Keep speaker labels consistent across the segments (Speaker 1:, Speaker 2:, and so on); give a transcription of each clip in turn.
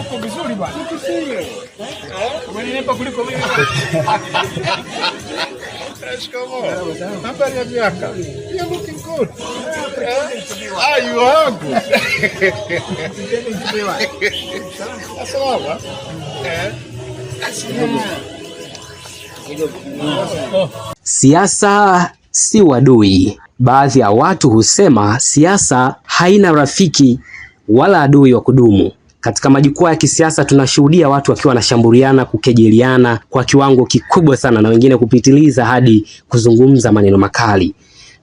Speaker 1: Uko vizuri bwana, kuliko mimi. Habari ya miaka, looking good. Eh? Ah, you eh? Siasa si wadui. Baadhi ya watu husema siasa haina rafiki wala adui wa kudumu. Katika majukwaa ya kisiasa tunashuhudia watu wakiwa wanashambuliana, kukejeliana kwa kiwango kikubwa sana, na wengine kupitiliza hadi kuzungumza maneno makali.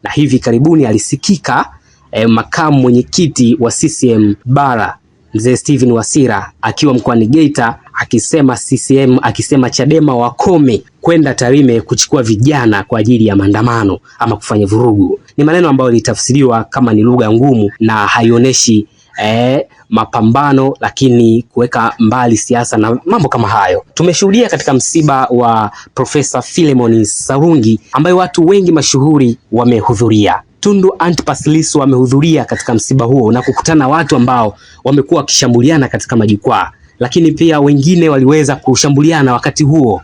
Speaker 1: Na hivi karibuni alisikika eh, makamu mwenyekiti wa CCM bara mzee Steven Wasira akiwa mkoani Geita akisema CCM akisema Chadema wakome kwenda Tarime kuchukua vijana kwa ajili ya maandamano ama kufanya vurugu. Ni maneno ambayo ilitafsiriwa kama ni lugha ngumu na haionyeshi eh, mapambano, lakini kuweka mbali siasa na mambo kama hayo. Tumeshuhudia katika msiba wa Profesa Philemon Sarungi ambaye watu wengi mashuhuri wamehudhuria. Tundu Antipas Lissu amehudhuria katika msiba huo na kukutana watu ambao wamekuwa wakishambuliana katika majukwaa, lakini pia wengine waliweza kushambuliana wakati huo.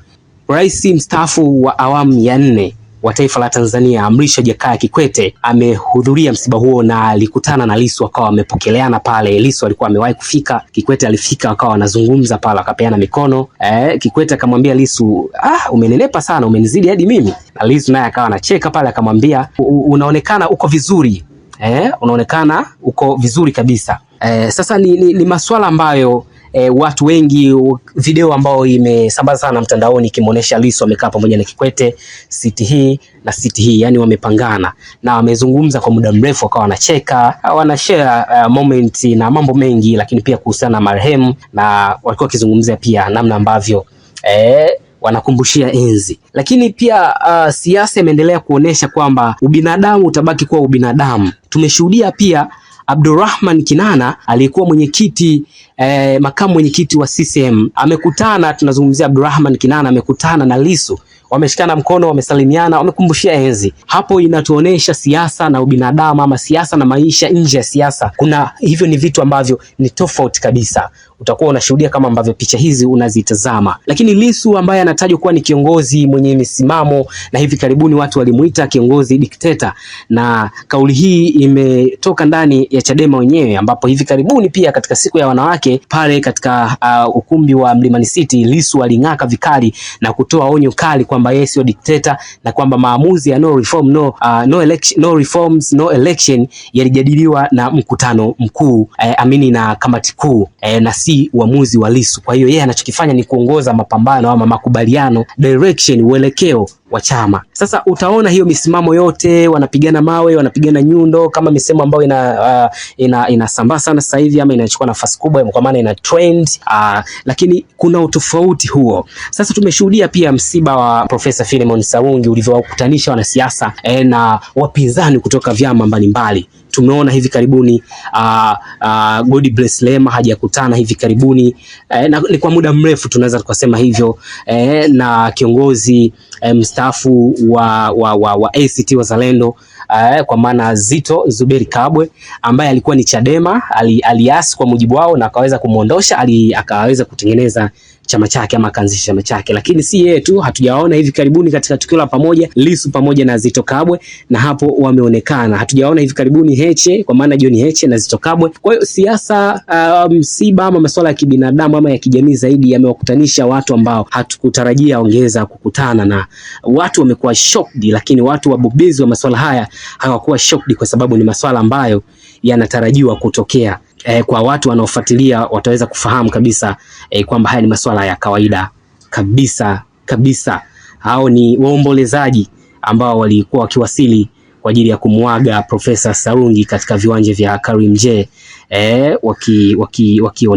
Speaker 1: Rais mstaafu wa awamu ya nne wa taifa la Tanzania Amrisha Jakaya Kikwete amehudhuria msiba huo na alikutana na Lissu, akawa amepokeleana pale. Lissu alikuwa amewahi kufika, Kikwete alifika, akawa wanazungumza pale, akapeana mikono eh. Kikwete akamwambia Lissu, ah, umenenepa sana, umenizidi hadi mimi. Na Lissu naye akawa anacheka pale, akamwambia unaonekana uko vizuri eh, unaonekana uko vizuri kabisa eh. Sasa ni, ni, ni masuala ambayo E, watu wengi video ambayo imesambaza sana mtandaoni ikimwonesha Lissu amekaa pamoja na Kikwete siti hii na siti hii, yani wamepangana na wamezungumza kwa muda mrefu, wakawa wanacheka, wana share uh, moment na mambo mengi, lakini pia kuhusiana na marehemu, na walikuwa wakizungumzia pia namna ambavyo e, wanakumbushia enzi, lakini pia uh, siasa imeendelea kuonesha kwamba ubinadamu utabaki kuwa ubinadamu. Tumeshuhudia pia Abdurrahman Kinana aliyekuwa mwenyekiti eh, makamu mwenyekiti wa CCM amekutana, tunazungumzia Abdurrahman Kinana amekutana na Lissu, wameshikana mkono, wamesalimiana, wamekumbushia enzi. Hapo inatuonesha siasa na ubinadamu ama siasa na maisha nje ya siasa, kuna hivyo ni vitu ambavyo ni tofauti kabisa utakuwa unashuhudia kama ambavyo picha hizi unazitazama. Lakini Lissu ambaye anatajwa kuwa ni kiongozi mwenye misimamo na hivi karibuni watu walimuita kiongozi dikteta, na kauli hii imetoka ndani ya Chadema wenyewe, ambapo hivi karibuni pia katika siku ya wanawake pale katika uh, ukumbi wa Mlimani City, Lissu aling'aka vikali na kutoa onyo kali kwamba yeye sio dikteta na kwamba maamuzi ya no reform, no, uh, no election, no reforms, no election yalijadiliwa na mkutano mkuu eh, amini na kamati kuu eh, na si si uamuzi wa Lissu. Kwa hiyo yeye anachokifanya ni kuongoza mapambano ama makubaliano, direction, uelekeo wa chama. Sasa utaona hiyo misimamo yote, wanapigana mawe, wanapigana nyundo, kama misemo ambayo ina uh, ina inasambaa sana sasa hivi ama inachukua nafasi kubwa, kwa maana ina trend uh, lakini kuna utofauti huo. Sasa tumeshuhudia pia msiba wa Profesa Philemon Saungi ulivyowakutanisha wanasiasa eh, na wapinzani kutoka vyama mbalimbali tumeona hivi karibuni uh, uh, God bless Lema hajakutana hivi karibuni eh, na, ni kwa muda mrefu tunaweza tukasema hivyo eh, na kiongozi Eh, mstaafu wa, wa, wa, wa ACT Wazalendo uh, kwa maana Zito Zuberi Kabwe ambaye alikuwa ni Chadema ali, aliasi kwa mujibu wao na akaweza kumwondosha ali, akaweza kutengeneza chama chake ama akaanzisha chama chake. Lakini si yeye tu, hatujaona hivi karibuni katika tukio la pamoja lisu pamoja na Zito Kabwe, na hapo wameonekana. Hatujaona hivi karibuni Heche, kwa maana John Heche na Zito Kabwe. Kwa hiyo siasa, uh, msiba um, ama masuala ya kibinadamu ama ya kijamii zaidi yamewakutanisha watu ambao hatukutarajia ongeza kukutana, na watu wamekuwa shocked, lakini watu wabobezi wa masuala haya hawakuwa shocked kwa sababu ni masuala ambayo yanatarajiwa kutokea eh, kwa watu wanaofuatilia wataweza kufahamu kabisa eh, kwamba haya ni masuala ya kawaida kabisa kabisa. Hao ni waombolezaji ambao walikuwa wakiwasili kwa ajili ya kumwaga Profesa Sarungi katika viwanja vya Karimjee eh, waki, waki, waki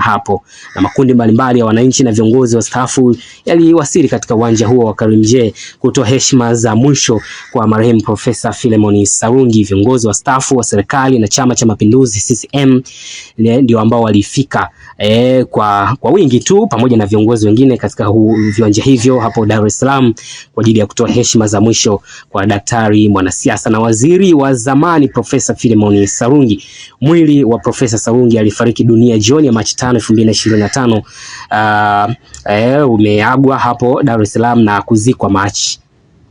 Speaker 1: hapo na makundi mbalimbali ya wananchi na viongozi wastaafu yaliwasili katika uwanja huo wa Karimjee kutoa heshima za mwisho kwa marehemu Profesa Philemon Sarungi. Viongozi wastaafu wa serikali na Chama cha Mapinduzi CCM ndio ambao walifika eh, kwa, kwa wingi tu pamoja na viongozi wengine katika viwanja hivyo hapo Dar es Salaam kwa ajili ya kutoa heshima za mwisho kwa daktari, mwanasiasa na waziri wa zamani Profesa Philemon Sarungi. Mwili wa wa Profesa Saungi alifariki dunia jioni ya Machi 5, 2025. Uh, eh, umeagwa hapo Dar es Salaam na kuzikwa Machi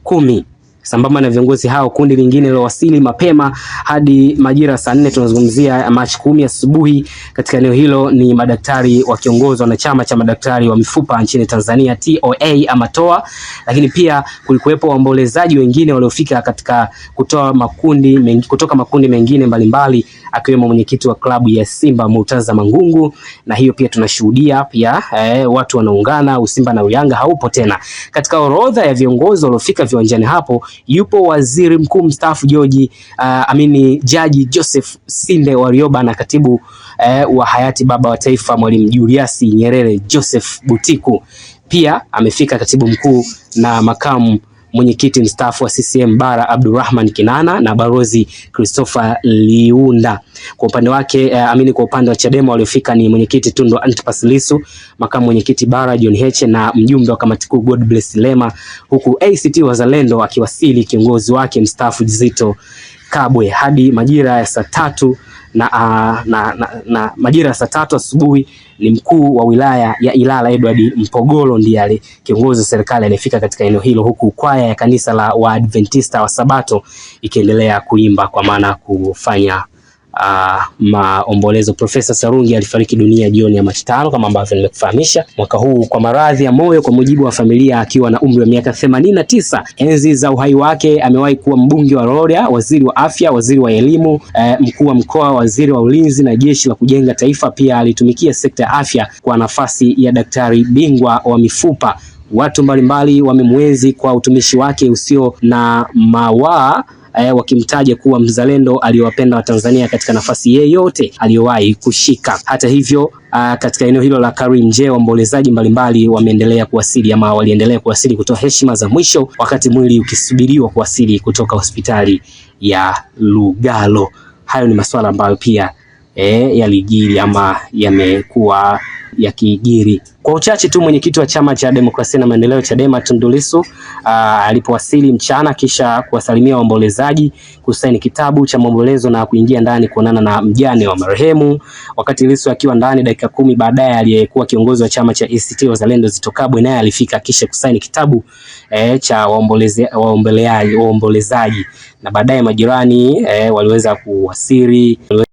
Speaker 1: kumi. Sambamba na viongozi hao, kundi lingine lilowasili mapema hadi majira saa nne, tunazungumzia Machi kumi asubuhi katika eneo hilo, ni madaktari wakiongozwa na chama cha madaktari wa mifupa nchini Tanzania TOA ama TOA, lakini pia kulikuwepo waombolezaji wengine waliofika katika kutoa makundi mengi, kutoka makundi mengine mbalimbali akiwemo mwenyekiti wa klabu ya Simba Murtaza Mangungu, na hiyo pia tunashuhudia pia eh, watu wanaungana, Usimba na Uyanga haupo tena. Katika orodha ya viongozi waliofika viwanjani hapo yupo waziri mkuu mstaafu George uh, amini Jaji Joseph Sinde Warioba na katibu uh, wa hayati baba wa taifa Mwalimu Julius Nyerere Joseph Butiku. Pia amefika katibu mkuu na makamu mwenyekiti mstaafu wa CCM Bara Abdurrahman Kinana na Balozi Christopher Liunda. Kwa upande wake uh, amini kwa upande wa Chadema waliofika ni mwenyekiti Tundu Antipas Lissu, makamu mwenyekiti Bara John Heche na mjumbe wa kamati kuu Godbless Lema, huku ACT Wazalendo akiwasili kiongozi wake mstaafu Zitto Kabwe. Hadi majira ya saa tatu na, na, ah, na, na, na majira ya saa tatu asubuhi ni mkuu wa wilaya ya Ilala Edward Mpogolo ndiye ali kiongozi wa serikali aliyefika katika eneo hilo, huku kwaya ya kanisa la Waadventista wa Sabato ikiendelea kuimba kwa maana kufanya uh, maombolezo. Profesa Sarungi alifariki dunia jioni ya Machi tano kama ambavyo nimekufahamisha mwaka huu kwa maradhi ya moyo, kwa mujibu wa familia, akiwa na umri wa miaka themanini na tisa. Enzi za uhai wake amewahi kuwa mbunge wa Rorya, waziri wa afya, waziri wa elimu, eh, mkuu wa mkoa, waziri wa ulinzi na jeshi la kujenga taifa. Pia alitumikia sekta ya afya kwa nafasi ya daktari bingwa wa mifupa. Watu mbalimbali wamemwenzi kwa utumishi wake usio na mawaa eh, wakimtaja kuwa mzalendo aliyowapenda Watanzania katika nafasi yeyote aliyowahi kushika. Hata hivyo Aa, ah, katika eneo hilo la Karimjee waombolezaji mbalimbali wameendelea kuwasili ama waliendelea kuwasili kutoa heshima za mwisho wakati mwili ukisubiriwa kuwasili kutoka hospitali ya Lugalo. Hayo ni masuala ambayo pia eh, yalijiri ama yamekuwa ya yakiijiri. Kwa uchache tu, mwenyekiti wa chama cha demokrasia na maendeleo Chadema Tundu Lissu ah, alipowasili mchana kisha kuwasalimia waombolezaji, kusaini kitabu cha maombolezo na kuingia ndani kuonana na mjane wa marehemu. Wakati Lissu akiwa ndani dakika kumi baadaye, aliyekuwa kiongozi wa chama cha ACT Wazalendo Zitto Kabwe naye alifika kisha kusaini kitabu e, cha waombolezaji, na baadaye majirani e, waliweza kuwasili